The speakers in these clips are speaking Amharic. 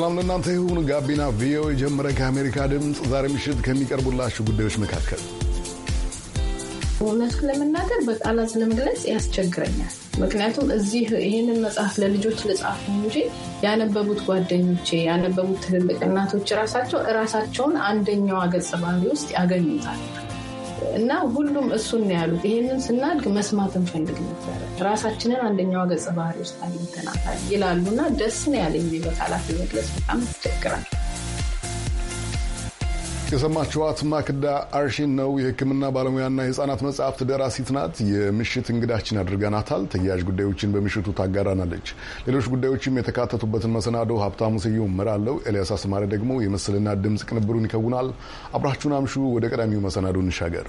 ሰላም ለእናንተ ይሁን። ጋቢና ቪኦኤ ጀምረ ከአሜሪካ ድምፅ ዛሬ ምሽት ከሚቀርቡላችሁ ጉዳዮች መካከል እውነት ለመናገር በቃላት ለመግለጽ ያስቸግረኛል። ምክንያቱም እዚህ ይህንን መጽሐፍ ለልጆች ልጻፉ እንጂ ያነበቡት ጓደኞቼ፣ ያነበቡት ትልልቅ እናቶች ራሳቸው ራሳቸውን አንደኛዋ ገጸ ባህሪ ውስጥ ያገኙታል። እና ሁሉም እሱን ነው ያሉት። ይሄንን ስናድግ መስማት እንፈልግ ነበረ። ራሳችንን አንደኛዋ ገጸ ባህሪ ውስጥ አግኝተናል ይላሉ እና ደስ ነው ያለኝ በቃላት መግለጽ በጣም ያስቸግራል። የሰማችኋት ማክዳ አርሺን ነው። የሕክምና ባለሙያና የህጻናት መጽሐፍት ደራሲት ናት። የምሽት እንግዳችን አድርገናታል። ተያያዥ ጉዳዮችን በምሽቱ ታጋራናለች። ሌሎች ጉዳዮችም የተካተቱበትን መሰናዶ ሀብታሙ ስዩም እመራለሁ። ኤልያስ አስማሪ ደግሞ የምስልና ድምፅ ቅንብሩን ይከውናል። አብራችሁን አምሹ። ወደ ቀዳሚው መሰናዶ እንሻገር።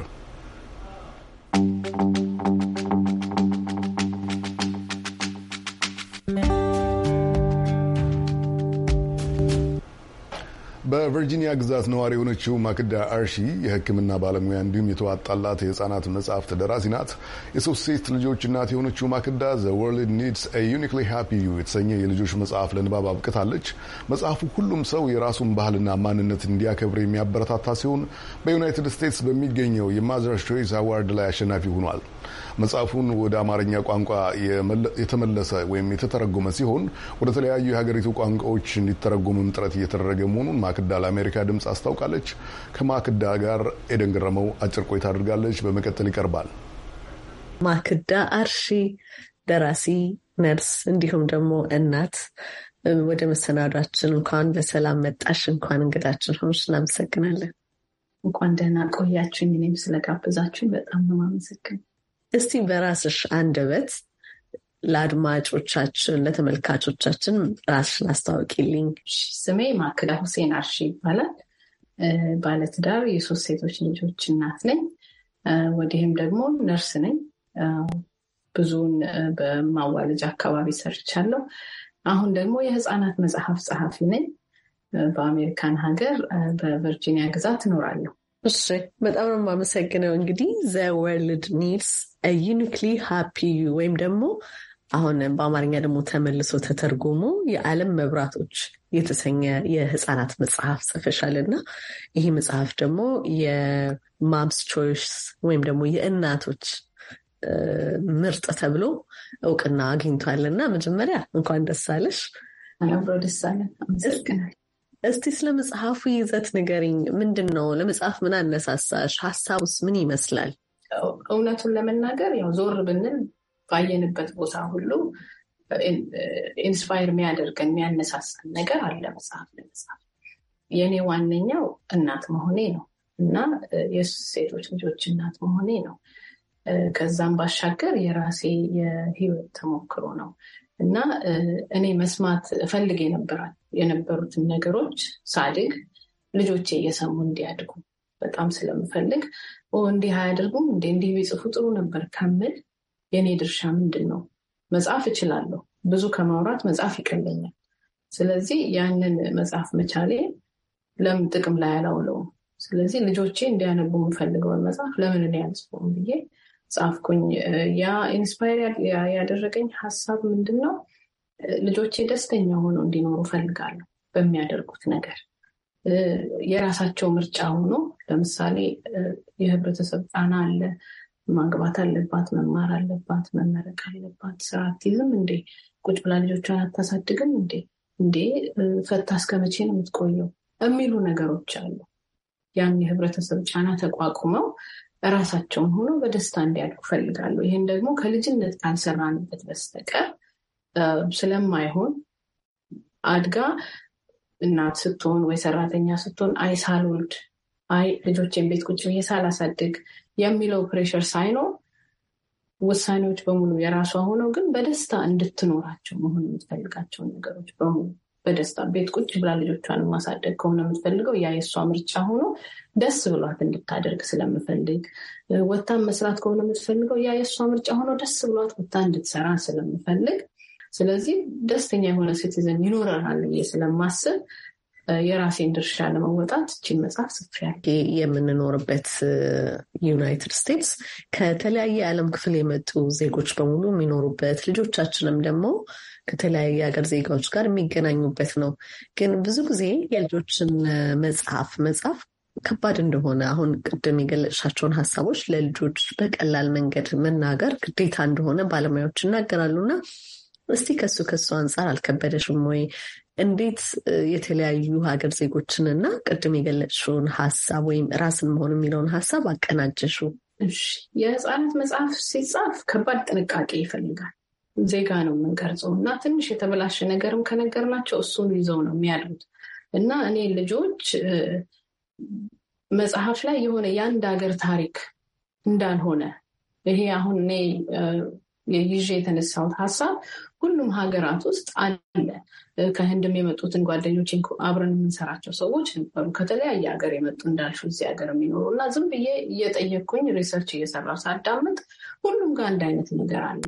በቨርጂኒያ ግዛት ነዋሪ የሆነችው ማክዳ አርሺ የሕክምና ባለሙያ እንዲሁም የተዋጣላት የህጻናት መጽሐፍ ደራሲ ናት። የሶስት ሴት ልጆች እናት የሆነችው ማክዳ ዘ ወርልድ ኒድስ ኤ ዩኒክሊ ሃፒ ዩ የተሰኘ የልጆች መጽሐፍ ለንባብ አብቅታለች። መጽሐፉ ሁሉም ሰው የራሱን ባህልና ማንነት እንዲያከብር የሚያበረታታ ሲሆን በዩናይትድ ስቴትስ በሚገኘው የማዘርስ ቾይስ አዋርድ ላይ አሸናፊ ሆኗል። መጽሐፉን ወደ አማርኛ ቋንቋ የተመለሰ ወይም የተተረጎመ ሲሆን ወደ ተለያዩ የሀገሪቱ ቋንቋዎች እንዲተረጎምም ጥረት እየተደረገ መሆኑን ማክዳ ለአሜሪካ ድምፅ አስታውቃለች። ከማክዳ ጋር ኤደን ገረመው አጭር ቆይታ አድርጋለች። በመቀጠል ይቀርባል። ማክዳ አርሺ ደራሲ፣ ነርስ እንዲሁም ደግሞ እናት ወደ መሰናዷችን እንኳን በሰላም መጣሽ፣ እንኳን እንግዳችን ሆንሽ። እናመሰግናለን። እንኳን ደህና ቆያችሁ። እኔም ስለጋብዛችሁ በጣም ነው አመሰግን። እስቲ በራስሽ አንደበት ለአድማጮቻችን ለተመልካቾቻችን ራስሽን አስታውቂልኝ። ስሜ ማክዳ ሁሴን አርሺ ይባላል። ባለትዳር የሶስት ሴቶች ልጆች እናት ነኝ። ወዲህም ደግሞ ነርስ ነኝ። ብዙውን በማዋለጃ አካባቢ ሰርቻለሁ። አሁን ደግሞ የህፃናት መጽሐፍ ጸሐፊ ነኝ። በአሜሪካን ሀገር በቨርጂኒያ ግዛት እኖራለሁ። እሺ በጣም ነው የማመሰግነው። እንግዲህ ዘ ወርልድ ኒድስ ዩኒክሊ ሃፒ ዩ ወይም ደግሞ አሁን በአማርኛ ደግሞ ተመልሶ ተተርጉሞ የዓለም መብራቶች የተሰኘ የህፃናት መጽሐፍ ጽፈሻል እና ይህ መጽሐፍ ደግሞ የማምስ ቾይስ ወይም ደግሞ የእናቶች ምርጥ ተብሎ እውቅና አግኝቷል እና መጀመሪያ እንኳን ደስ አለሽ። አብሮ ደስ አመሰግናል። እስቲ ስለ መጽሐፉ ይዘት ንገሪኝ። ምንድን ነው ለመጽሐፍ ምን አነሳሳሽ? ሀሳቡስ ምን ይመስላል? እውነቱን ለመናገር ያው ዞር ብንል ባየንበት ቦታ ሁሉ ኢንስፓየር የሚያደርገን የሚያነሳሳን ነገር አለ መጽሐፍ ለመጽሐፍ የእኔ ዋነኛው እናት መሆኔ ነው እና የሴቶች ልጆች እናት መሆኔ ነው። ከዛም ባሻገር የራሴ የህይወት ተሞክሮ ነው። እና እኔ መስማት እፈልግ የነበሩትን ነገሮች ሳድግ ልጆቼ እየሰሙ እንዲያድጉ በጣም ስለምፈልግ እንዲህ አያደርጉም እንዲ እንዲህ ቢጽፉ ጥሩ ነበር ከምል የእኔ ድርሻ ምንድን ነው? መጽሐፍ እችላለሁ። ብዙ ከማውራት መጽሐፍ ይቀለኛል። ስለዚህ ያንን መጽሐፍ መቻሌ ለምን ጥቅም ላይ አላውለውም? ስለዚህ ልጆቼ እንዲያነቡ የምፈልገውን መጽሐፍ ለምን እኔ ብዬ ጻፍኩኝ። ያ ኢንስፓየር ያደረገኝ ሀሳብ ምንድን ነው? ልጆቼ ደስተኛ ሆነው እንዲኖሩ ፈልጋለሁ በሚያደርጉት ነገር የራሳቸው ምርጫ ሆኖ ለምሳሌ የህብረተሰብ ጫና አለ። ማግባት አለባት፣ መማር አለባት፣ መመረቅ አለባት፣ ስራ አትይዝም እንዴ? ቁጭ ብላ ልጆቿን አታሳድግም እንዴ? እንዴ ፈታ እስከ መቼ ነው የምትቆየው? የሚሉ ነገሮች አሉ። ያን የህብረተሰብ ጫና ተቋቁመው ራሳቸውን ሆነው በደስታ እንዲያድጉ እፈልጋለሁ። ይህን ደግሞ ከልጅነት ካልሰራንበት በስተቀር ስለማይሆን አድጋ እናት ስትሆን ወይ ሰራተኛ ስትሆን አይ ሳልወልድ፣ አይ ልጆቼን ቤት ቁጭ ብዬ ሳላሳድግ የሚለው ፕሬሽር ሳይኖር ውሳኔዎች በሙሉ የራሷ ሆነው ግን በደስታ እንድትኖራቸው መሆን የምትፈልጋቸውን ነገሮች በሙሉ በደስታ ቤት ቁጭ ብላ ልጆቿን ማሳደግ ከሆነ የምትፈልገው ያ የእሷ ምርጫ ሆኖ ደስ ብሏት እንድታደርግ ስለምፈልግ፣ ወታን መስራት ከሆነ የምትፈልገው ያ የእሷ ምርጫ ሆኖ ደስ ብሏት ወታ እንድትሰራ ስለምፈልግ፣ ስለዚህ ደስተኛ የሆነ ሲቲዝን ይኖረናል ብዬ ስለማስብ የራሴን ድርሻ ለመወጣት እችን መጽሐፍ ጽፌያለሁ። የምንኖርበት ዩናይትድ ስቴትስ ከተለያየ የዓለም ክፍል የመጡ ዜጎች በሙሉ የሚኖሩበት ልጆቻችንም ደግሞ ከተለያዩ የሀገር ዜጋዎች ጋር የሚገናኙበት ነው። ግን ብዙ ጊዜ የልጆችን መጽሐፍ መጽሐፍ ከባድ እንደሆነ አሁን ቅድም የገለጽሻቸውን ሀሳቦች ለልጆች በቀላል መንገድ መናገር ግዴታ እንደሆነ ባለሙያዎች እና እስቲ ከሱ ከሱ አንጻር አልከበደሽም ወይ? እንዴት የተለያዩ ሀገር ዜጎችን እና ቅድም የገለጽሽውን ሀሳብ ወይም ራስን መሆን የሚለውን ሀሳብ አቀናጀሹ? የህፃናት መጽሐፍ ሲጻፍ ከባድ ጥንቃቄ ይፈልጋል። ዜጋ ነው የምንቀርጸው እና ትንሽ የተበላሸ ነገርም ከነገርናቸው እሱን ይዘው ነው የሚያድጉት እና እኔ ልጆች መጽሐፍ ላይ የሆነ የአንድ ሀገር ታሪክ እንዳልሆነ ይሄ አሁን እኔ ይዤ የተነሳሁት ሀሳብ ሁሉም ሀገራት ውስጥ አለ። ከህንድም የመጡትን ጓደኞች አብረን የምንሰራቸው ሰዎች ነበሩ። ከተለያየ ሀገር የመጡ እንዳልሹ እዚህ ሀገር የሚኖሩ እና ዝም ብዬ እየጠየቅኩኝ ሪሰርች እየሰራ ሳዳምጥ ሁሉም ጋር አንድ አይነት ነገር አለ።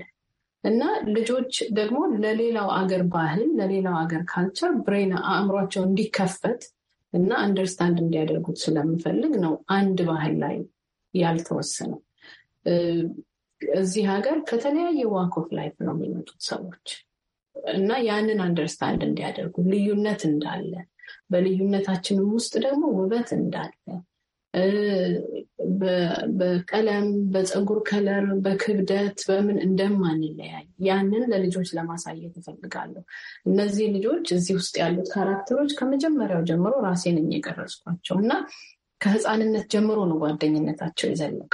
እና ልጆች ደግሞ ለሌላው አገር ባህል፣ ለሌላው አገር ካልቸር ብሬን አእምሯቸው እንዲከፈት እና አንደርስታንድ እንዲያደርጉት ስለምፈልግ ነው። አንድ ባህል ላይ ያልተወሰነው እዚህ ሀገር ከተለያየ ዋክ ኦፍ ላይፍ ነው የሚመጡት ሰዎች እና ያንን አንደርስታንድ እንዲያደርጉ ልዩነት እንዳለ በልዩነታችንም ውስጥ ደግሞ ውበት እንዳለ በቀለም፣ በፀጉር ከለር፣ በክብደት፣ በምን እንደማንለያይ ያንን ለልጆች ለማሳየት እፈልጋለሁ። እነዚህ ልጆች እዚህ ውስጥ ያሉት ካራክተሮች ከመጀመሪያው ጀምሮ ራሴን የቀረጽኳቸው እና ከህፃንነት ጀምሮ ነው ጓደኝነታቸው የዘለቀ።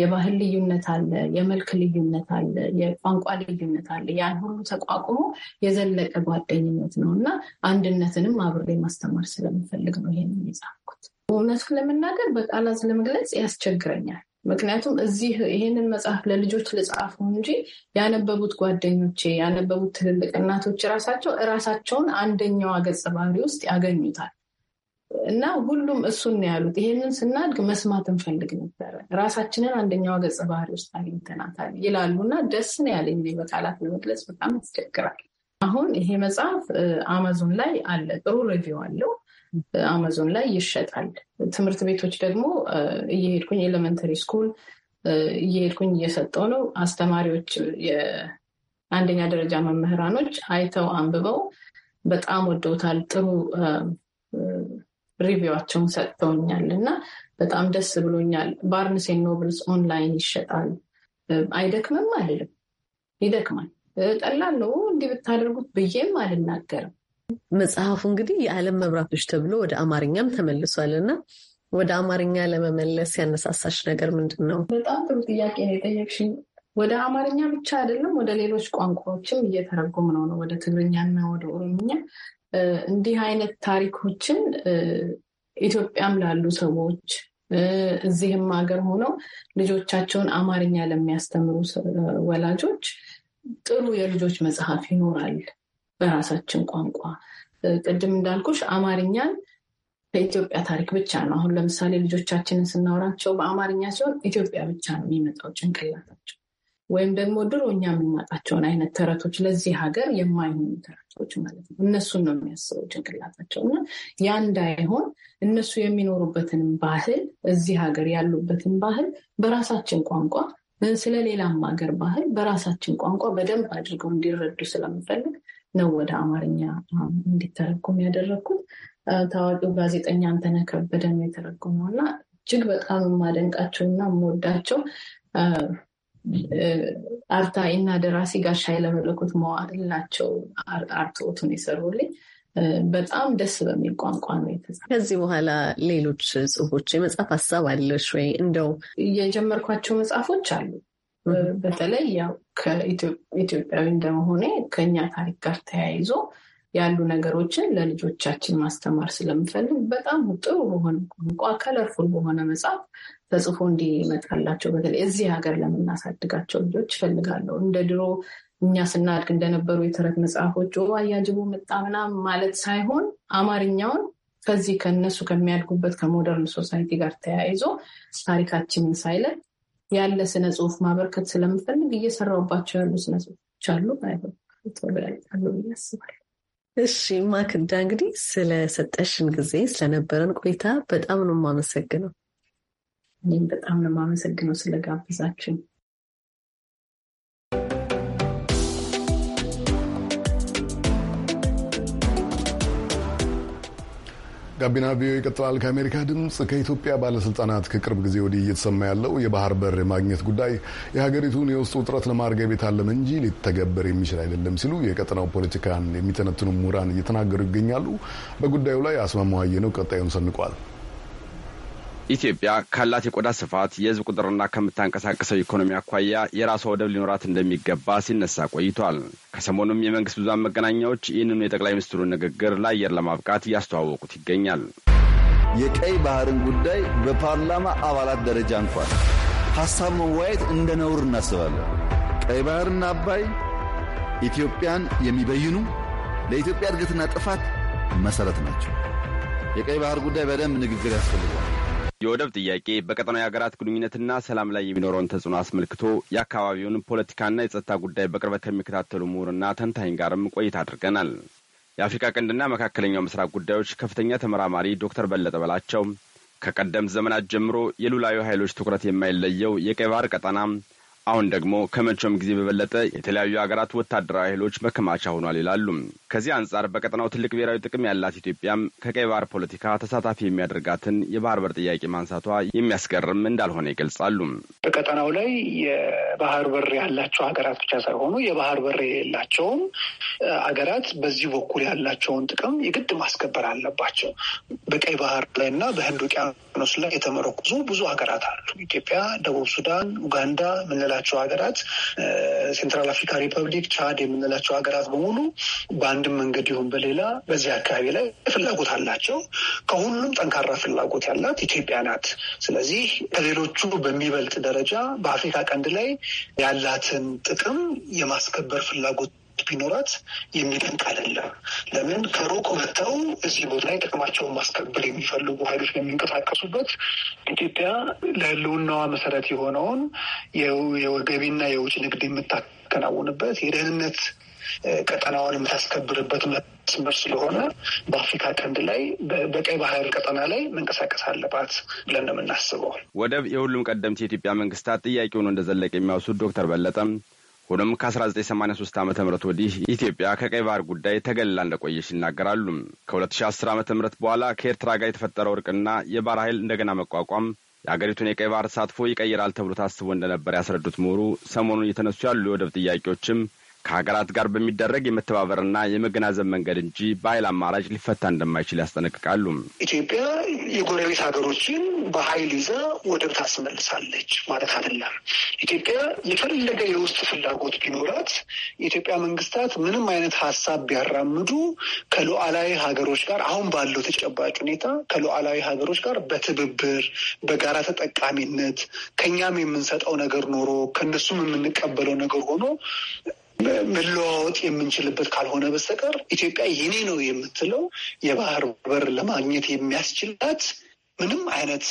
የባህል ልዩነት አለ፣ የመልክ ልዩነት አለ፣ የቋንቋ ልዩነት አለ። ያን ሁሉ ተቋቁሞ የዘለቀ ጓደኝነት ነው እና አንድነትንም አብሬ ማስተማር ስለምፈልግ ነው ይህንን የጻፍኩት። እውነቱ ለመናገር በቃላት ለመግለጽ ያስቸግረኛል። ምክንያቱም እዚህ ይህንን መጽሐፍ ለልጆች ልጻፉ እንጂ ያነበቡት ጓደኞቼ፣ ያነበቡት ትልልቅ እናቶች ራሳቸው እራሳቸውን አንደኛዋ ገጸ ባህሪ ውስጥ ያገኙታል እና ሁሉም እሱን ያሉት። ይህንን ስናድግ መስማት እንፈልግ ነበረ፣ ራሳችንን አንደኛዋ ገጸ ባህሪ ውስጥ አግኝተናታል ይላሉ እና ደስ ነው ያለኝ። በቃላት ለመግለጽ በጣም ያስቸግራል። አሁን ይሄ መጽሐፍ አማዞን ላይ አለ፣ ጥሩ ሪቪው አለው። አማዞን ላይ ይሸጣል። ትምህርት ቤቶች ደግሞ እየሄድኩኝ ኤሌመንተሪ ስኩል እየሄድኩኝ እየሰጠው ነው። አስተማሪዎች የአንደኛ ደረጃ መምህራኖች አይተው አንብበው በጣም ወደውታል። ጥሩ ሪቪዋቸውን ሰጥተውኛል እና በጣም ደስ ብሎኛል። ባርንስ ኖብልስ ኦንላይን ይሸጣል። አይደክምም አልልም፣ ይደክማል። ጠላለው እንዲህ ብታደርጉት ብዬም አልናገርም መጽሐፉ እንግዲህ የዓለም መብራቶች ተብሎ ወደ አማርኛም ተመልሷል እና ወደ አማርኛ ለመመለስ ያነሳሳሽ ነገር ምንድን ነው? በጣም ጥሩ ጥያቄ ነው የጠየቅሽኝ። ወደ አማርኛ ብቻ አይደለም ወደ ሌሎች ቋንቋዎችም እየተረጎም ነው ነው ወደ ትግርኛና ወደ ኦሮምኛ እንዲህ አይነት ታሪኮችን ኢትዮጵያም ላሉ ሰዎች እዚህም ሀገር ሆነው ልጆቻቸውን አማርኛ ለሚያስተምሩ ወላጆች ጥሩ የልጆች መጽሐፍ ይኖራል በራሳችን ቋንቋ ቅድም እንዳልኩሽ አማርኛን ከኢትዮጵያ ታሪክ ብቻ ነው። አሁን ለምሳሌ ልጆቻችንን ስናወራቸው በአማርኛ ሲሆን ኢትዮጵያ ብቻ ነው የሚመጣው ጭንቅላታቸው። ወይም ደግሞ ድሮ እኛ የምናጣቸውን አይነት ተረቶች ለዚህ ሀገር የማይሆኑ ተረቶች ማለት ነው። እነሱን ነው የሚያስበው ጭንቅላታቸው እና ያ እንዳይሆን እነሱ የሚኖሩበትን ባህል እዚህ ሀገር ያሉበትን ባህል በራሳችን ቋንቋ ስለሌላም ሀገር ባህል በራሳችን ቋንቋ በደንብ አድርገው እንዲረዱ ስለምፈልግ ነው ወደ አማርኛ እንዲተረጎም ያደረግኩት። ታዋቂው ጋዜጠኛ አንተነህ ከበደ ነው የተረጎመው እና እጅግ በጣም የማደንቃቸው እና የምወዳቸው አርታኢ እና ደራሲ ጋሻ የለመለኩት መዋዕል ናቸው። አርትዖቱን የሰሩልኝ በጣም ደስ በሚል ቋንቋ ነው የተጻፈው። ከዚህ በኋላ ሌሎች ጽሁፎች የመጽሐፍ ሀሳብ አለሽ ወይ? እንደው የጀመርኳቸው መጽሐፎች አሉ በተለይ ያው ከኢትዮጵያዊ እንደመሆኔ ከኛ ታሪክ ጋር ተያይዞ ያሉ ነገሮችን ለልጆቻችን ማስተማር ስለምፈልግ በጣም ጥሩ በሆነ ቋንቋ ከለርፉል በሆነ መጽሐፍ ተጽፎ እንዲመጣላቸው በተለይ እዚህ ሀገር ለምናሳድጋቸው ልጆች ይፈልጋለሁ። እንደ ድሮ እኛ ስናድግ እንደነበሩ የተረት መጽሐፎች አያጅቦ መጣ ምናምን ማለት ሳይሆን አማርኛውን ከዚህ ከነሱ ከሚያድጉበት ከሞደርን ሶሳይቲ ጋር ተያይዞ ታሪካችንን ሳይለት ያለ ስነ ጽሁፍ ማበርከት ስለምፈልግ እየሰራውባቸው ያሉ ስነ ጽሁፎች አሉ ያስባል። እሺ ማክዳ፣ እንግዲህ ስለሰጠሽን ጊዜ ስለነበረን ቆይታ በጣም ነው የማመሰግነው። እኔም በጣም ነው የማመሰግነው ስለጋብዛችን። ጋቢና ቪኦኤ ይቀጥላል። ከአሜሪካ ድምፅ ከኢትዮጵያ ባለስልጣናት ከቅርብ ጊዜ ወዲህ እየተሰማ ያለው የባህር በር የማግኘት ጉዳይ የሀገሪቱን የውስጥ ውጥረት ለማርገብ የታለመ እንጂ ሊተገበር የሚችል አይደለም ሲሉ የቀጠናው ፖለቲካን የሚተነትኑ ምሁራን እየተናገሩ ይገኛሉ። በጉዳዩ ላይ አስማማው ነው ቀጣዩን ሰንቋል። ኢትዮጵያ ካላት የቆዳ ስፋት የህዝብ ቁጥርና ከምታንቀሳቀሰው ኢኮኖሚ አኳያ የራሷ ወደብ ሊኖራት እንደሚገባ ሲነሳ ቆይቷል። ከሰሞኑም የመንግስት ብዙሃን መገናኛዎች ይህንኑ የጠቅላይ ሚኒስትሩን ንግግር ለአየር ለማብቃት እያስተዋወቁት ይገኛል። የቀይ ባህርን ጉዳይ በፓርላማ አባላት ደረጃ እንኳን ሀሳብ መወያየት እንደ ነውር እናስባለን። ቀይ ባህርና አባይ ኢትዮጵያን የሚበይኑ ለኢትዮጵያ እድገትና ጥፋት መሰረት ናቸው። የቀይ ባህር ጉዳይ በደንብ ንግግር ያስፈልገዋል። የወደብ ጥያቄ በቀጠናዊ የሀገራት ግንኙነትና ሰላም ላይ የሚኖረውን ተጽዕኖ አስመልክቶ የአካባቢውን ፖለቲካና የጸጥታ ጉዳይ በቅርበት ከሚከታተሉ ምሁርና ተንታኝ ጋርም ቆይታ አድርገናል። የአፍሪካ ቀንድና መካከለኛው ምስራቅ ጉዳዮች ከፍተኛ ተመራማሪ ዶክተር በለጠ በላቸው ከቀደምት ዘመናት ጀምሮ የሉላዩ ኃይሎች ትኩረት የማይለየው የቀይ ባህር ቀጠና አሁን ደግሞ ከመቼውም ጊዜ በበለጠ የተለያዩ ሀገራት ወታደራዊ ኃይሎች መከማቻ ሆኗል ይላሉ። ከዚህ አንጻር በቀጠናው ትልቅ ብሔራዊ ጥቅም ያላት ኢትዮጵያም ከቀይ ባህር ፖለቲካ ተሳታፊ የሚያደርጋትን የባህር በር ጥያቄ ማንሳቷ የሚያስገርም እንዳልሆነ ይገልጻሉ። በቀጠናው ላይ የባህር በር ያላቸው ሀገራት ብቻ ሳይሆኑ የባህር በር የሌላቸውም ሀገራት በዚህ በኩል ያላቸውን ጥቅም የግድ ማስከበር አለባቸው። በቀይ ባህር ላይ እና በህንድ ውቅያኖስ ላይ የተመረኮዙ ብዙ ሀገራት አሉ። ኢትዮጵያ፣ ደቡብ ሱዳን፣ ኡጋንዳ ምንለ የምንላቸው ሀገራት ሴንትራል አፍሪካ ሪፐብሊክ፣ ቻድ የምንላቸው ሀገራት በሙሉ በአንድም መንገድ ይሁን በሌላ በዚህ አካባቢ ላይ ፍላጎት አላቸው። ከሁሉም ጠንካራ ፍላጎት ያላት ኢትዮጵያ ናት። ስለዚህ ከሌሎቹ በሚበልጥ ደረጃ በአፍሪካ ቀንድ ላይ ያላትን ጥቅም የማስከበር ፍላጎት ቢኖራት የሚደንቅ አይደለም። ለምን ከሩቅ መጥተው እዚህ ቦታ ላይ ጥቅማቸውን ማስከበር የሚፈልጉ ሀይሎች የሚንቀሳቀሱበት ኢትዮጵያ ለህልውናዋ መሰረት የሆነውን የገቢና የውጭ ንግድ የምታከናውንበት የደህንነት ቀጠናዋን የምታስከብርበት መስመር ስለሆነ በአፍሪካ ቀንድ ላይ በቀይ ባህር ቀጠና ላይ መንቀሳቀስ አለባት ብለን ነው የምናስበው። ወደብ የሁሉም ቀደምት የኢትዮጵያ መንግስታት ጥያቄ ሆኖ እንደዘለቀ የሚያወሱት ዶክተር በለጠም ሆኖም ከ1983 ዓ ም ወዲህ ኢትዮጵያ ከቀይ ባህር ጉዳይ ተገልላ እንደቆየች ይናገራሉ። ከ2010 ዓ ም በኋላ ከኤርትራ ጋር የተፈጠረው እርቅና የባህር ኃይል እንደገና መቋቋም የአገሪቱን የቀይ ባህር ተሳትፎ ይቀይራል ተብሎ ታስቦ እንደነበር ያስረዱት ምሁሩ ሰሞኑን እየተነሱ ያሉ የወደብ ጥያቄዎችም ከሀገራት ጋር በሚደረግ የመተባበርና የመገናዘብ መንገድ እንጂ በኃይል አማራጭ ሊፈታ እንደማይችል ያስጠነቅቃሉ። ኢትዮጵያ የጎረቤት ሀገሮችን በኃይል ይዛ ወደብ ታስመልሳለች ማለት አይደለም። ኢትዮጵያ የፈለገ የውስጥ ፍላጎት ቢኖራት የኢትዮጵያ መንግስታት ምንም አይነት ሀሳብ ቢያራምዱ ከሉዓላዊ ሀገሮች ጋር አሁን ባለው ተጨባጭ ሁኔታ ከሉዓላዊ ሀገሮች ጋር በትብብር በጋራ ተጠቃሚነት ከኛም የምንሰጠው ነገር ኖሮ ከነሱም የምንቀበለው ነገር ሆኖ መለዋወጥ የምንችልበት ካልሆነ በስተቀር ኢትዮጵያ የኔ ነው የምትለው የባህር በር ለማግኘት የሚያስችላት ምንም አይነት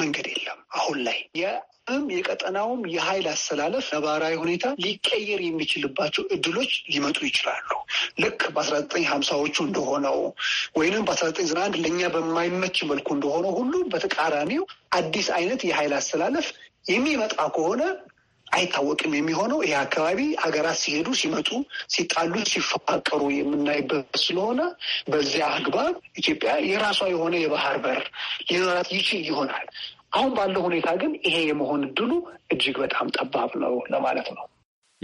መንገድ የለም። አሁን ላይ የም የቀጠናውም የኃይል አሰላለፍ ነባራዊ ሁኔታ ሊቀየር የሚችልባቸው እድሎች ሊመጡ ይችላሉ። ልክ በአስራ ዘጠኝ ሀምሳዎቹ እንደሆነው ወይንም በአስራ ዘጠኝ ዘጠና አንድ ለእኛ በማይመች መልኩ እንደሆነ ሁሉ በተቃራኒው አዲስ አይነት የኃይል አሰላለፍ የሚመጣ ከሆነ አይታወቅም የሚሆነው ይህ አካባቢ ሀገራት ሲሄዱ ሲመጡ ሲጣሉ ሲፋቀሩ የምናይበት ስለሆነ በዚያ አግባብ ኢትዮጵያ የራሷ የሆነ የባህር በር ሊኖራት ይችል ይሆናል። አሁን ባለው ሁኔታ ግን ይሄ የመሆን እድሉ እጅግ በጣም ጠባብ ነው ለማለት ነው።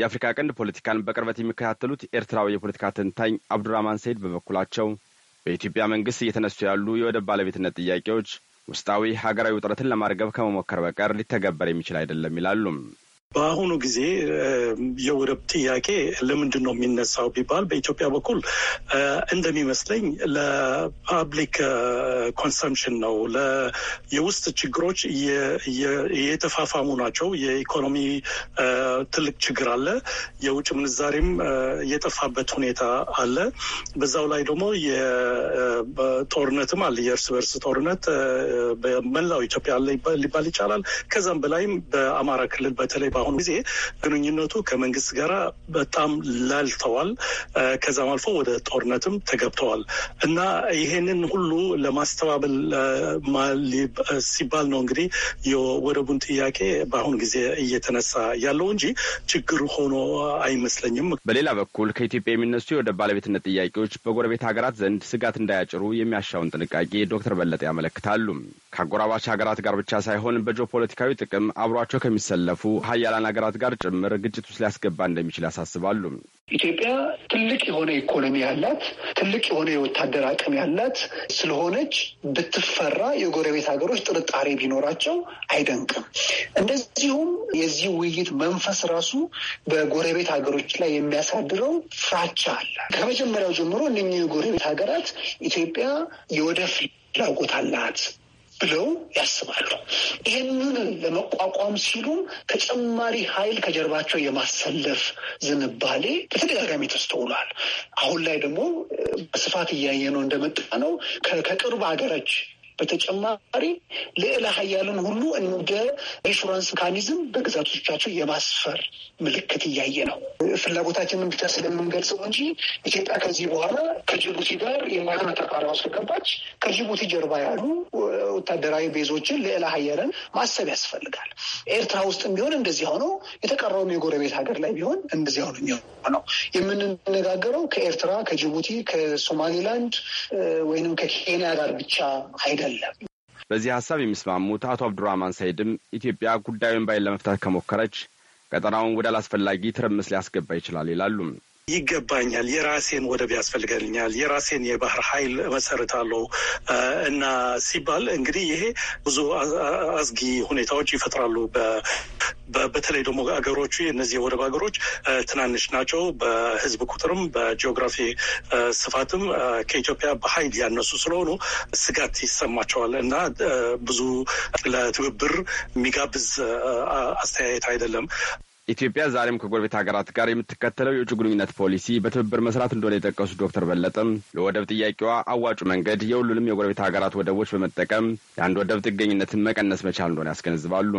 የአፍሪካ ቀንድ ፖለቲካን በቅርበት የሚከታተሉት ኤርትራዊ የፖለቲካ ተንታኝ አብዱራማን ሰይድ በበኩላቸው በኢትዮጵያ መንግስት እየተነሱ ያሉ የወደብ ባለቤትነት ጥያቄዎች ውስጣዊ ሀገራዊ ውጥረትን ለማርገብ ከመሞከር በቀር ሊተገበር የሚችል አይደለም ይላሉም። በአሁኑ ጊዜ የወደብ ጥያቄ ለምንድን ነው የሚነሳው ቢባል በኢትዮጵያ በኩል እንደሚመስለኝ ለፓብሊክ ኮንሰምፕሽን ነው። የውስጥ ችግሮች የተፋፋሙ ናቸው። የኢኮኖሚ ትልቅ ችግር አለ። የውጭ ምንዛሪም የጠፋበት ሁኔታ አለ። በዛው ላይ ደግሞ ጦርነትም አለ። የእርስ በርስ ጦርነት በመላው ኢትዮጵያ አለ ሊባል ይቻላል። ከዛም በላይም በአማራ ክልል በተለይ በአሁኑ ጊዜ ግንኙነቱ ከመንግስት ጋር በጣም ላልተዋል። ከዛም አልፎ ወደ ጦርነትም ተገብተዋል እና ይሄንን ሁሉ ለማስተባበል ሲባል ነው እንግዲህ የወደቡን ጥያቄ በአሁኑ ጊዜ እየተነሳ ያለው እንጂ ችግር ሆኖ አይመስለኝም። በሌላ በኩል ከኢትዮጵያ የሚነሱ የወደብ ባለቤትነት ጥያቄዎች በጎረቤት ሀገራት ዘንድ ስጋት እንዳያጭሩ የሚያሻውን ጥንቃቄ ዶክተር በለጠ ያመለክታሉ። ከአጎራባች ሀገራት ጋር ብቻ ሳይሆን በጂኦፖለቲካዊ ጥቅም አብሯቸው ከሚሰለፉ ሀያ ከአያላን ሀገራት ጋር ጭምር ግጭት ውስጥ ሊያስገባ እንደሚችል ያሳስባሉ። ኢትዮጵያ ትልቅ የሆነ ኢኮኖሚ ያላት፣ ትልቅ የሆነ የወታደር አቅም ያላት ስለሆነች ብትፈራ የጎረቤት ሀገሮች ጥርጣሬ ቢኖራቸው አይደንቅም። እንደዚሁም የዚህ ውይይት መንፈስ ራሱ በጎረቤት ሀገሮች ላይ የሚያሳድረው ፍራቻ አለ። ከመጀመሪያው ጀምሮ እነኚህ የጎረቤት ሀገራት ኢትዮጵያ የወደፊት ፍላጎት አላት ብለው ያስባሉ። ይህንን ለመቋቋም ሲሉ ተጨማሪ ኃይል ከጀርባቸው የማሰለፍ ዝንባሌ በተደጋጋሚ ተስተውሏል። አሁን ላይ ደግሞ በስፋት እያየ ነው እንደመጣ ነው ከቅርብ ሀገሮች በተጨማሪ ልዕለ ሀያልን ሁሉ እንደ ኢንሹራንስ ሜካኒዝም በግዛቶቻቸው የማስፈር ምልክት እያየ ነው። ፍላጎታችንን ብቻ ስለምንገልጸው እንጂ ኢትዮጵያ ከዚህ በኋላ ከጅቡቲ ጋር የማና ተቃራ ውስጥ ከጅቡቲ ጀርባ ያሉ ወታደራዊ ቤዞችን ልዕለ ሀያልን ማሰብ ያስፈልጋል። ኤርትራ ውስጥ ቢሆን እንደዚህ ሆነው የተቀረውም የጎረቤት ሀገር ላይ ቢሆን እንደዚህ ሆነ የሚሆነው የምንነጋገረው ከኤርትራ ከጅቡቲ ከሶማሊላንድ ወይንም ከኬንያ ጋር ብቻ አይደለም። አይደለም። በዚህ ሀሳብ የሚስማሙት አቶ አብዱራህማን ሰይድም ኢትዮጵያ ጉዳዩን ባይን ለመፍታት ከሞከረች ቀጠናውን ወደ አላስፈላጊ ትርምስ ሊያስገባ ይችላል ይላሉ። ይገባኛል። የራሴን ወደብ ያስፈልገኛል፣ የራሴን የባህር ኃይል መሰረታለሁ እና ሲባል እንግዲህ ይሄ ብዙ አስጊ ሁኔታዎች ይፈጥራሉ በተለይ ደግሞ አገሮቹ እነዚህ የወደብ ሀገሮች ትናንሽ ናቸው። በህዝብ ቁጥርም በጂኦግራፊ ስፋትም ከኢትዮጵያ በኃይል ያነሱ ስለሆኑ ስጋት ይሰማቸዋል እና ብዙ ለትብብር የሚጋብዝ አስተያየት አይደለም። ኢትዮጵያ ዛሬም ከጎረቤት ሀገራት ጋር የምትከተለው የውጭ ግንኙነት ፖሊሲ በትብብር መስራት እንደሆነ የጠቀሱት ዶክተር በለጠም ለወደብ ጥያቄዋ አዋጩ መንገድ የሁሉንም የጎረቤት ሀገራት ወደቦች በመጠቀም የአንድ ወደብ ጥገኝነትን መቀነስ መቻል እንደሆነ ያስገነዝባሉ።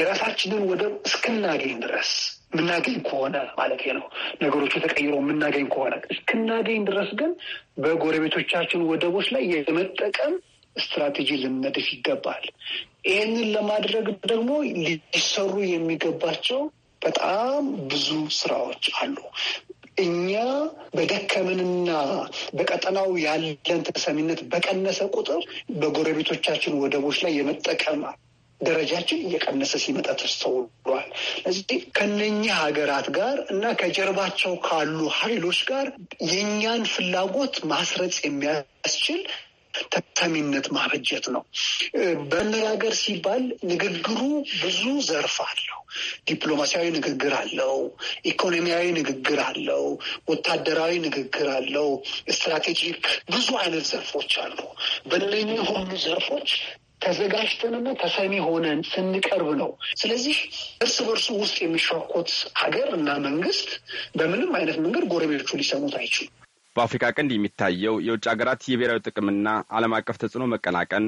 የራሳችንን ወደብ እስክናገኝ ድረስ የምናገኝ ከሆነ ማለት ነው ነገሮቹ ተቀይሮ የምናገኝ ከሆነ እስክናገኝ ድረስ ግን በጎረቤቶቻችን ወደቦች ላይ የመጠቀም ስትራቴጂ ልንነድፍ ይገባል። ይህንን ለማድረግ ደግሞ ሊሰሩ የሚገባቸው በጣም ብዙ ስራዎች አሉ። እኛ በደከምንና በቀጠናው ያለን ተሰሚነት በቀነሰ ቁጥር በጎረቤቶቻችን ወደቦች ላይ የመጠቀም ደረጃችን እየቀነሰ ሲመጣ ተስተውሏል። ስለዚህ ከነኛ ሀገራት ጋር እና ከጀርባቸው ካሉ ኃይሎች ጋር የእኛን ፍላጎት ማስረጽ የሚያስችል ተተሚነት ማበጀት ነው። በነጋገር ሲባል ንግግሩ ብዙ ዘርፍ አለው። ዲፕሎማሲያዊ ንግግር አለው፣ ኢኮኖሚያዊ ንግግር አለው፣ ወታደራዊ ንግግር አለው፣ ስትራቴጂክ ብዙ አይነት ዘርፎች አሉ። በእነኚህ ሁሉ ዘርፎች ተዘጋጅተንና ተሰሚ ሆነን ስንቀርብ ነው። ስለዚህ እርስ በርሱ ውስጥ የሚሸኮት ሀገር እና መንግስት በምንም አይነት መንገድ ጎረቤቶቹ ሊሰሙት አይችሉም። በአፍሪካ ቀንድ የሚታየው የውጭ ሀገራት የብሔራዊ ጥቅምና ዓለም አቀፍ ተጽዕኖ መቀናቀን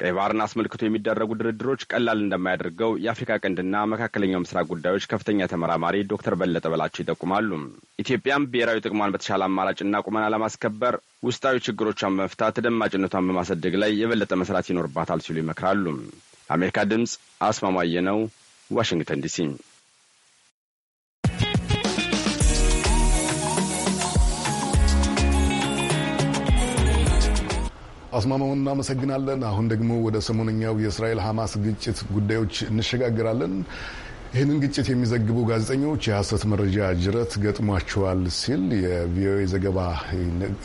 ቀይ ባህርን አስመልክቶ የሚደረጉ ድርድሮች ቀላል እንደማያደርገው የአፍሪካ ቀንድና መካከለኛው ምስራቅ ጉዳዮች ከፍተኛ ተመራማሪ ዶክተር በለጠ በላቸው ይጠቁማሉ። ኢትዮጵያም ብሔራዊ ጥቅሟን በተሻለ አማራጭና ቁመና ለማስከበር ውስጣዊ ችግሮቿን በመፍታት ተደማጭነቷን በማሳደግ ላይ የበለጠ መስራት ይኖርባታል ሲሉ ይመክራሉ። ለአሜሪካ ድምፅ አስማማየ ነው፣ ዋሽንግተን ዲሲ አስማማው እናመሰግናለን። አሁን ደግሞ ወደ ሰሞነኛው የእስራኤል ሐማስ ግጭት ጉዳዮች እንሸጋግራለን። ይህንን ግጭት የሚዘግቡ ጋዜጠኞች የሐሰት መረጃ ጅረት ገጥሟቸዋል ሲል የቪኦኤ ዘገባ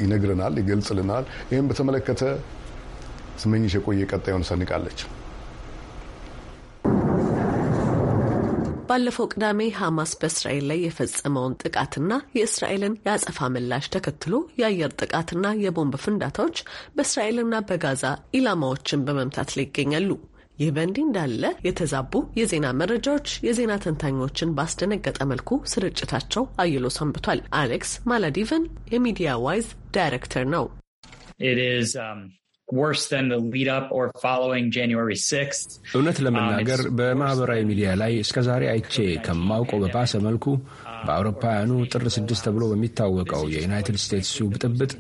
ይነግረናል፣ ይገልጽልናል። ይህም በተመለከተ ስመኝሽ የቆየ ቀጣዩን ሰንቃለች። ባለፈው ቅዳሜ ሐማስ በእስራኤል ላይ የፈጸመውን ጥቃትና የእስራኤልን የአጸፋ ምላሽ ተከትሎ የአየር ጥቃትና የቦምብ ፍንዳታዎች በእስራኤልና በጋዛ ኢላማዎችን በመምታት ላይ ይገኛሉ። ይህ በእንዲህ እንዳለ የተዛቡ የዜና መረጃዎች የዜና ተንታኞችን ባስደነገጠ መልኩ ስርጭታቸው አይሎ ሰንብቷል። አሌክስ ማላዲቨን የሚዲያ ዋይዝ ዳይሬክተር ነው። እውነት um, ለመናገር በማህበራዊ ሚዲያ ላይ እስከ ዛሬ አይቼ ከማውቀው uh, በባሰ መልኩ uh, በአውሮፓውያኑ ጥር uh, ስድስት ተብሎ በሚታወቀው የዩናይትድ ስቴትሱ ብጥብጥ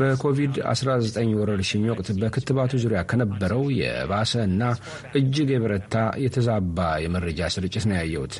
በኮቪድ-19 ወረርሽኝ ወቅት በክትባቱ ዙሪያ ከነበረው የባሰ እና እጅግ የበረታ የተዛባ የመረጃ ስርጭት ነው ያየሁት።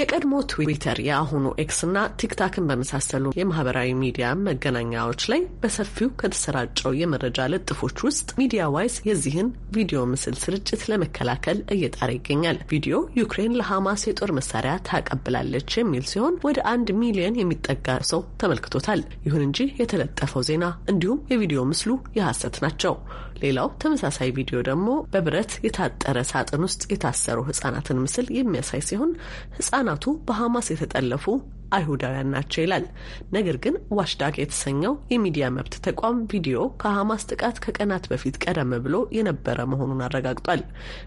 የቀድሞ ትዊተር የአሁኑ ኤክስ እና ቲክታክን በመሳሰሉ የማህበራዊ ሚዲያ መገናኛዎች ላይ በሰፊው ከተሰራጨው የመረጃ ለጥፎች ውስጥ ሚዲያ ዋይስ የዚህን ቪዲዮ ምስል ስርጭት ለመከላከል እየጣረ ይገኛል። ቪዲዮ ዩክሬን ለሐማስ የጦር መሳሪያ ታቀብላለች የሚል ሲሆን ወደ አንድ ሚሊዮን የሚጠጋ ሰው ተመልክቶታል። ይሁን እንጂ የተለጠፈው ዜና እንዲሁም የቪዲዮ ምስሉ የሐሰት ናቸው። ሌላው ተመሳሳይ ቪዲዮ ደግሞ በብረት የታጠረ ሳጥን ውስጥ የታሰሩ ህጻናትን ምስል የሚያሳይ ሲሆን ህጻናቱ በሐማስ የተጠለፉ አይሁዳውያን ናቸው ይላል። ነገር ግን ዋሽዳግ የተሰኘው የሚዲያ መብት ተቋም ቪዲዮ ከሐማስ ጥቃት ከቀናት በፊት ቀደም ብሎ የነበረ መሆኑን አረጋግጧል።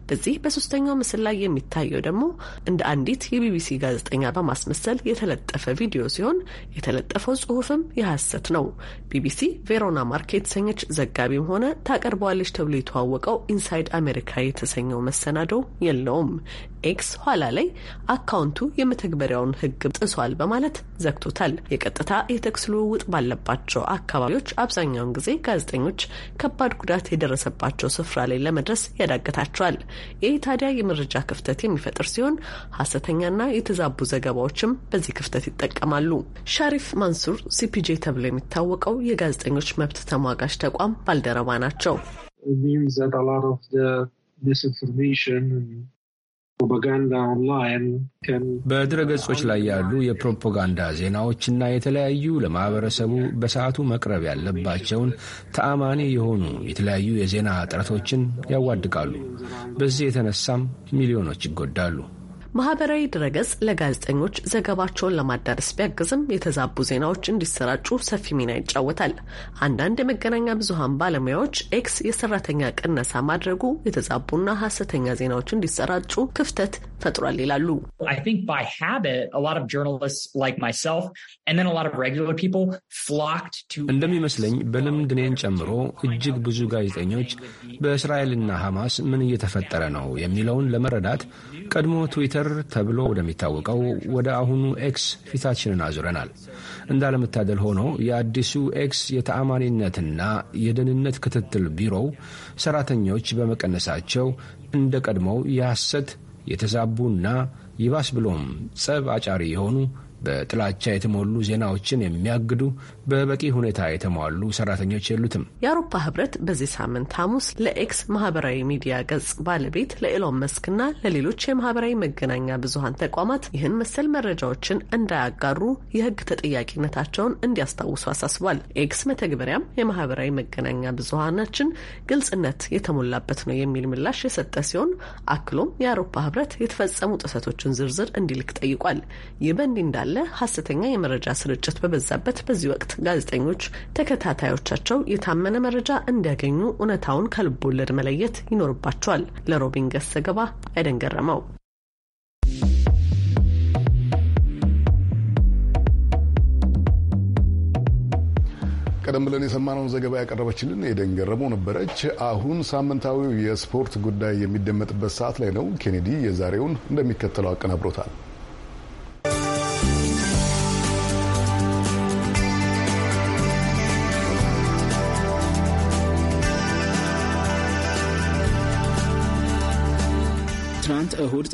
በዚህ በሶስተኛው ምስል ላይ የሚታየው ደግሞ እንደ አንዲት የቢቢሲ ጋዜጠኛ በማስመሰል የተለጠፈ ቪዲዮ ሲሆን የተለጠፈው ጽሁፍም የሐሰት ነው። ቢቢሲ ቬሮና ማርክ የተሰኘች ዘጋቢም ሆነ ታቀርበዋለች ተብሎ የተዋወቀው ኢንሳይድ አሜሪካ የተሰኘው መሰናዶ የለውም። ኤክስ ኋላ ላይ አካውንቱ የመተግበሪያውን ህግ ጥሷል በማ በማለት ዘግቶታል። የቀጥታ የተኩስ ልውውጥ ባለባቸው አካባቢዎች አብዛኛውን ጊዜ ጋዜጠኞች ከባድ ጉዳት የደረሰባቸው ስፍራ ላይ ለመድረስ ያዳግታቸዋል። ይህ ታዲያ የመረጃ ክፍተት የሚፈጥር ሲሆን ሀሰተኛና የተዛቡ ዘገባዎችም በዚህ ክፍተት ይጠቀማሉ። ሻሪፍ ማንሱር ሲፒጄ ተብሎ የሚታወቀው የጋዜጠኞች መብት ተሟጋች ተቋም ባልደረባ ናቸው። በድረገጾች ላይ ያሉ የፕሮፓጋንዳ ዜናዎችና የተለያዩ ለማህበረሰቡ በሰዓቱ መቅረብ ያለባቸውን ተአማኒ የሆኑ የተለያዩ የዜና ጥረቶችን ያዋድቃሉ። በዚህ የተነሳም ሚሊዮኖች ይጎዳሉ። ማህበራዊ ድረገጽ ለጋዜጠኞች ዘገባቸውን ለማዳረስ ቢያግዝም የተዛቡ ዜናዎች እንዲሰራጩ ሰፊ ሚና ይጫወታል። አንዳንድ የመገናኛ ብዙሃን ባለሙያዎች ኤክስ የሰራተኛ ቅነሳ ማድረጉ የተዛቡና ሀሰተኛ ዜናዎች እንዲሰራጩ ክፍተት ፈጥሯል ይላሉ። እንደሚመስለኝ በልምድ እኔን ጨምሮ እጅግ ብዙ ጋዜጠኞች በእስራኤልና ሐማስ ምን እየተፈጠረ ነው የሚለውን ለመረዳት ቀድሞ ትዊተር ትዊተር ተብሎ ወደሚታወቀው ወደ አሁኑ ኤክስ ፊታችንን አዙረናል። እንዳለመታደል ሆኖ የአዲሱ ኤክስ የተአማኒነትና የደህንነት ክትትል ቢሮው ሰራተኞች በመቀነሳቸው እንደ ቀድሞው የሐሰት የተዛቡና ይባስ ብሎም ጸብ አጫሪ የሆኑ በጥላቻ የተሞሉ ዜናዎችን የሚያግዱ በበቂ ሁኔታ የተሟሉ ሰራተኞች የሉትም። የአውሮፓ ህብረት በዚህ ሳምንት ሐሙስ ለኤክስ ማህበራዊ ሚዲያ ገጽ ባለቤት ለኤሎን መስክና ለሌሎች የማህበራዊ መገናኛ ብዙሀን ተቋማት ይህን መሰል መረጃዎችን እንዳያጋሩ የህግ ተጠያቂነታቸውን እንዲያስታውሱ አሳስቧል። ኤክስ መተግበሪያም የማህበራዊ መገናኛ ብዙሀናችን ግልጽነት የተሞላበት ነው የሚል ምላሽ የሰጠ ሲሆን አክሎም የአውሮፓ ህብረት የተፈጸሙ ጥሰቶችን ዝርዝር እንዲልክ ጠይቋል። ይህ በእንዲህ እንዳለ ያለ ሀሰተኛ የመረጃ ስርጭት በበዛበት በዚህ ወቅት ጋዜጠኞች ተከታታዮቻቸው የታመነ መረጃ እንዲያገኙ እውነታውን ከልቦለድ መለየት ይኖርባቸዋል። ለሮቢን ገስ ዘገባ አይደን ገረመው። ቀደም ብለን የሰማነውን ዘገባ ያቀረበችልን ኤደን ገረመው ነበረች። አሁን ሳምንታዊው የስፖርት ጉዳይ የሚደመጥበት ሰዓት ላይ ነው። ኬኔዲ የዛሬውን እንደሚከተለው አቀናብሮታል።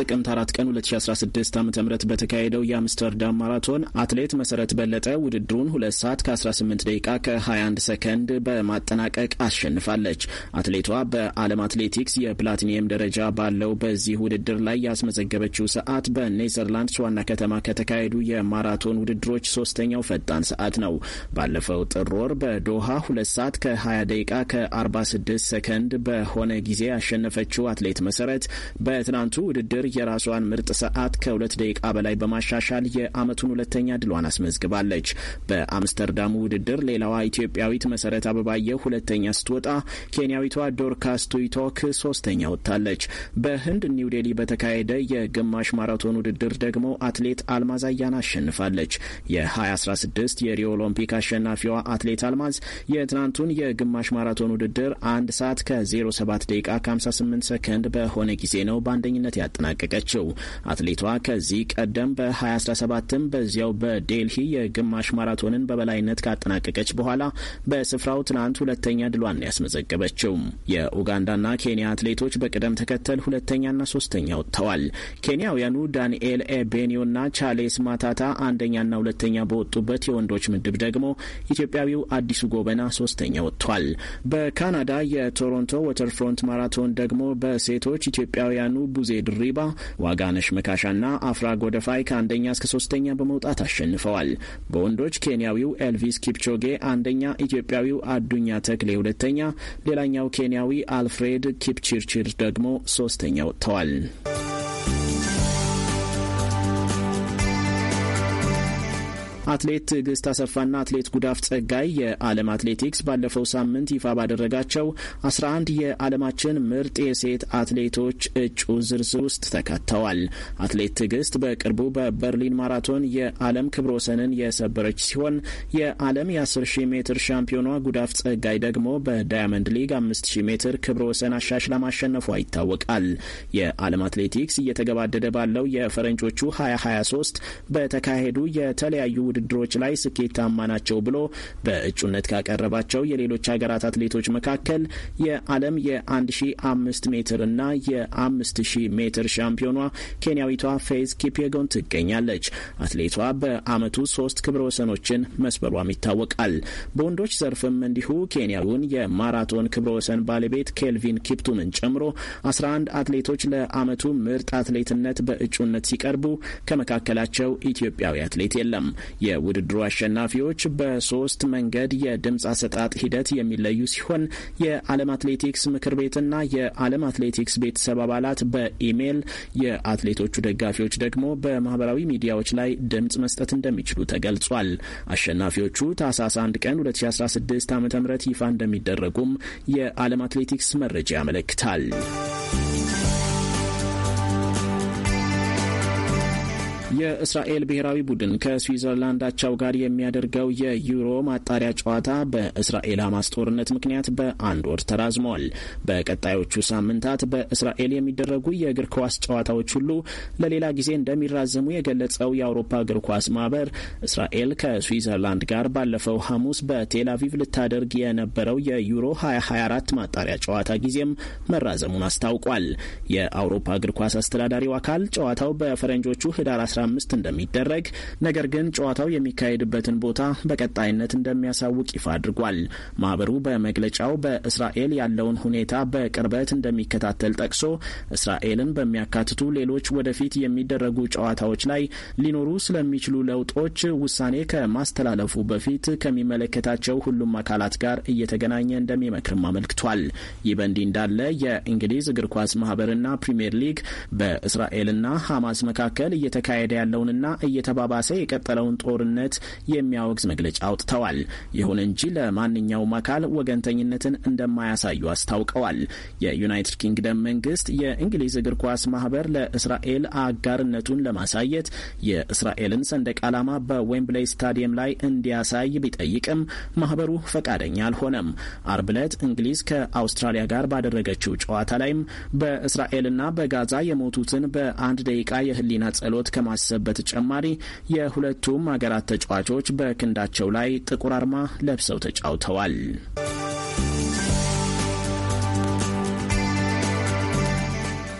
ጥቅምት አራት ቀን 2016 ዓ ም በተካሄደው የአምስተርዳም ማራቶን አትሌት መሰረት በለጠ ውድድሩን 2 ሰዓት ከ18 ደቂቃ ከ21 ሰከንድ በማጠናቀቅ አሸንፋለች። አትሌቷ በዓለም አትሌቲክስ የፕላቲኒየም ደረጃ ባለው በዚህ ውድድር ላይ ያስመዘገበችው ሰዓት በኔዘርላንድስ ዋና ከተማ ከተካሄዱ የማራቶን ውድድሮች ሶስተኛው ፈጣን ሰዓት ነው። ባለፈው ጥር ወር በዶሃ 2 ሰዓት ከ20 ደቂቃ ከ46 ሰከንድ በሆነ ጊዜ ያሸነፈችው አትሌት መሰረት በትናንቱ ውድድር የራሷን ምርጥ ሰዓት ከሁለት ደቂቃ በላይ በማሻሻል የዓመቱን ሁለተኛ ድሏን አስመዝግባለች። በአምስተርዳሙ ውድድር ሌላዋ ኢትዮጵያዊት መሰረት አበባየሁ ሁለተኛ ስትወጣ፣ ኬንያዊቷ ዶርካስ ቱይቶክ ሶስተኛ ወጥታለች። በህንድ ኒውዴሊ በተካሄደ የግማሽ ማራቶን ውድድር ደግሞ አትሌት አልማዝ አያና አሸንፋለች። የ2016 የሪዮ ኦሎምፒክ አሸናፊዋ አትሌት አልማዝ የትናንቱን የግማሽ ማራቶን ውድድር አንድ ሰዓት ከ07 ደቂቃ ከ58 ሰከንድ በሆነ ጊዜ ነው በአንደኝነት ያጠናል ያጠናቀቀችው። አትሌቷ ከዚህ ቀደም በ2017ም በዚያው በዴልሂ የግማሽ ማራቶንን በበላይነት ካጠናቀቀች በኋላ በስፍራው ትናንት ሁለተኛ ድሏን ያስመዘገበችው። የኡጋንዳና ኬንያ አትሌቶች በቅደም ተከተል ሁለተኛና ሶስተኛ ወጥተዋል። ኬንያውያኑ ዳንኤል ኤቤኒዮና ቻሌስ ማታታ አንደኛና ሁለተኛ በወጡበት የወንዶች ምድብ ደግሞ ኢትዮጵያዊው አዲሱ ጎበና ሶስተኛ ወጥቷል። በካናዳ የቶሮንቶ ወተርፍሮንት ማራቶን ደግሞ በሴቶች ኢትዮጵያውያኑ ቡዜ ድሪባ ዋጋነሽ መካሻና አፍራ ጎደፋይ ከአንደኛ እስከ ሶስተኛ በመውጣት አሸንፈዋል። በወንዶች ኬንያዊው ኤልቪስ ኪፕቾጌ አንደኛ፣ ኢትዮጵያዊው አዱኛ ተክሌ ሁለተኛ፣ ሌላኛው ኬንያዊ አልፍሬድ ኪፕቺርቺር ደግሞ ሶስተኛ ወጥተዋል። አትሌት ትዕግስት አሰፋና አትሌት ጉዳፍ ጸጋይ የዓለም አትሌቲክስ ባለፈው ሳምንት ይፋ ባደረጋቸው 11 የዓለማችን ምርጥ የሴት አትሌቶች እጩ ዝርዝር ውስጥ ተካተዋል። አትሌት ትዕግስት በቅርቡ በበርሊን ማራቶን የዓለም ክብረ ወሰንን የሰበረች ሲሆን የዓለም የ ሺህ ሜትር ሻምፒዮኗ ጉዳፍ ጸጋይ ደግሞ በዳያመንድ ሊግ 5,000 ሜትር ክብረ ወሰን አሻሽላ ማሸነፏ ይታወቃል። የዓለም አትሌቲክስ እየተገባደደ ባለው የፈረንጆቹ 2023 በተካሄዱ የተለያዩ ውድ ውድድሮች ላይ ስኬታማ ናቸው ብሎ በእጩነት ካቀረባቸው የሌሎች ሀገራት አትሌቶች መካከል የዓለም የ1500 ሜትር እና የ5000 ሜትር ሻምፒዮኗ ኬንያዊቷ ፌዝ ኪፒጎን ትገኛለች። አትሌቷ በዓመቱ ሶስት ክብረ ወሰኖችን መስበሯም ይታወቃል። በወንዶች ዘርፍም እንዲሁ ኬንያዊውን የማራቶን ክብረ ወሰን ባለቤት ኬልቪን ኪፕቱምን ጨምሮ 11 አትሌቶች ለዓመቱ ምርጥ አትሌትነት በእጩነት ሲቀርቡ ከመካከላቸው ኢትዮጵያዊ አትሌት የለም። የውድድሩ አሸናፊዎች በሶስት መንገድ የድምፅ አሰጣጥ ሂደት የሚለዩ ሲሆን የዓለም አትሌቲክስ ምክር ቤትና የዓለም አትሌቲክስ ቤተሰብ አባላት በኢሜይል የአትሌቶቹ ደጋፊዎች ደግሞ በማህበራዊ ሚዲያዎች ላይ ድምፅ መስጠት እንደሚችሉ ተገልጿል። አሸናፊዎቹ ታህሳስ 1 ቀን 2016 ዓ ም ይፋ እንደሚደረጉም የዓለም አትሌቲክስ መረጃ ያመለክታል። የእስራኤል ብሔራዊ ቡድን ከስዊዘርላንድ አቻው ጋር የሚያደርገው የዩሮ ማጣሪያ ጨዋታ በእስራኤል ሐማስ ጦርነት ምክንያት በአንድ ወር ተራዝሟል። በቀጣዮቹ ሳምንታት በእስራኤል የሚደረጉ የእግር ኳስ ጨዋታዎች ሁሉ ለሌላ ጊዜ እንደሚራዘሙ የገለጸው የአውሮፓ እግር ኳስ ማህበር እስራኤል ከስዊዘርላንድ ጋር ባለፈው ሐሙስ በቴላቪቭ ልታደርግ የነበረው የዩሮ 2024 ማጣሪያ ጨዋታ ጊዜም መራዘሙን አስታውቋል። የአውሮፓ እግር ኳስ አስተዳዳሪው አካል ጨዋታው በፈረንጆቹ ህዳር 15 እንደሚደረግ ነገር ግን ጨዋታው የሚካሄድበትን ቦታ በቀጣይነት እንደሚያሳውቅ ይፋ አድርጓል። ማህበሩ በመግለጫው በእስራኤል ያለውን ሁኔታ በቅርበት እንደሚከታተል ጠቅሶ እስራኤልን በሚያካትቱ ሌሎች ወደፊት የሚደረጉ ጨዋታዎች ላይ ሊኖሩ ስለሚችሉ ለውጦች ውሳኔ ከማስተላለፉ በፊት ከሚመለከታቸው ሁሉም አካላት ጋር እየተገናኘ እንደሚመክርም አመልክቷል። ይህ በእንዲህ እንዳለ የእንግሊዝ እግር ኳስ ማህበርና ፕሪምየር ሊግ በእስራኤልና ሐማስ መካከል እየተካሄደ እየተካሄደ ያለውንና እየተባባሰ የቀጠለውን ጦርነት የሚያወግዝ መግለጫ አውጥተዋል። ይሁን እንጂ ለማንኛውም አካል ወገንተኝነትን እንደማያሳዩ አስታውቀዋል። የዩናይትድ ኪንግደም መንግስት የእንግሊዝ እግር ኳስ ማህበር ለእስራኤል አጋርነቱን ለማሳየት የእስራኤልን ሰንደቅ ዓላማ በዌምብሌይ ስታዲየም ላይ እንዲያሳይ ቢጠይቅም ማህበሩ ፈቃደኛ አልሆነም። አርብ ዕለት እንግሊዝ ከአውስትራሊያ ጋር ባደረገችው ጨዋታ ላይም በእስራኤልና በጋዛ የሞቱትን በአንድ ደቂቃ የህሊና ጸሎት ከማ ከማሰብ በተጨማሪ የሁለቱም ሀገራት ተጫዋቾች በክንዳቸው ላይ ጥቁር አርማ ለብሰው ተጫውተዋል።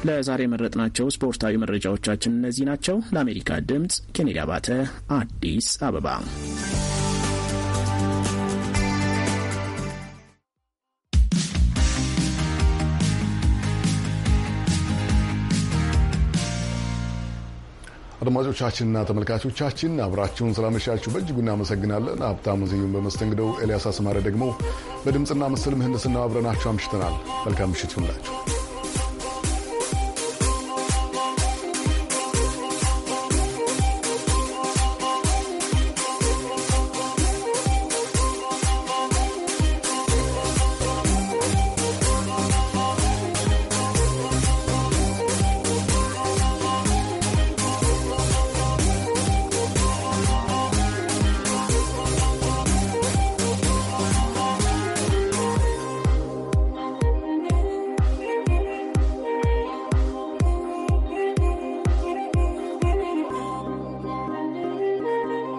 ለዛሬ የመረጥናቸው ስፖርታዊ መረጃዎቻችን እነዚህ ናቸው። ለአሜሪካ ድምፅ ኬኔዲ አባተ አዲስ አበባ አድማጮቻችንና ተመልካቾቻችን አብራችሁን ስላመሻችሁ በእጅጉ እናመሰግናለን። ሀብታሙ ዝዩን በመስተንግደው ኤልያስ አስማረ ደግሞ በድምፅና ምስል ምህንድስናው አብረናችሁ አምሽተናል። መልካም ምሽት ይሁንላችሁ።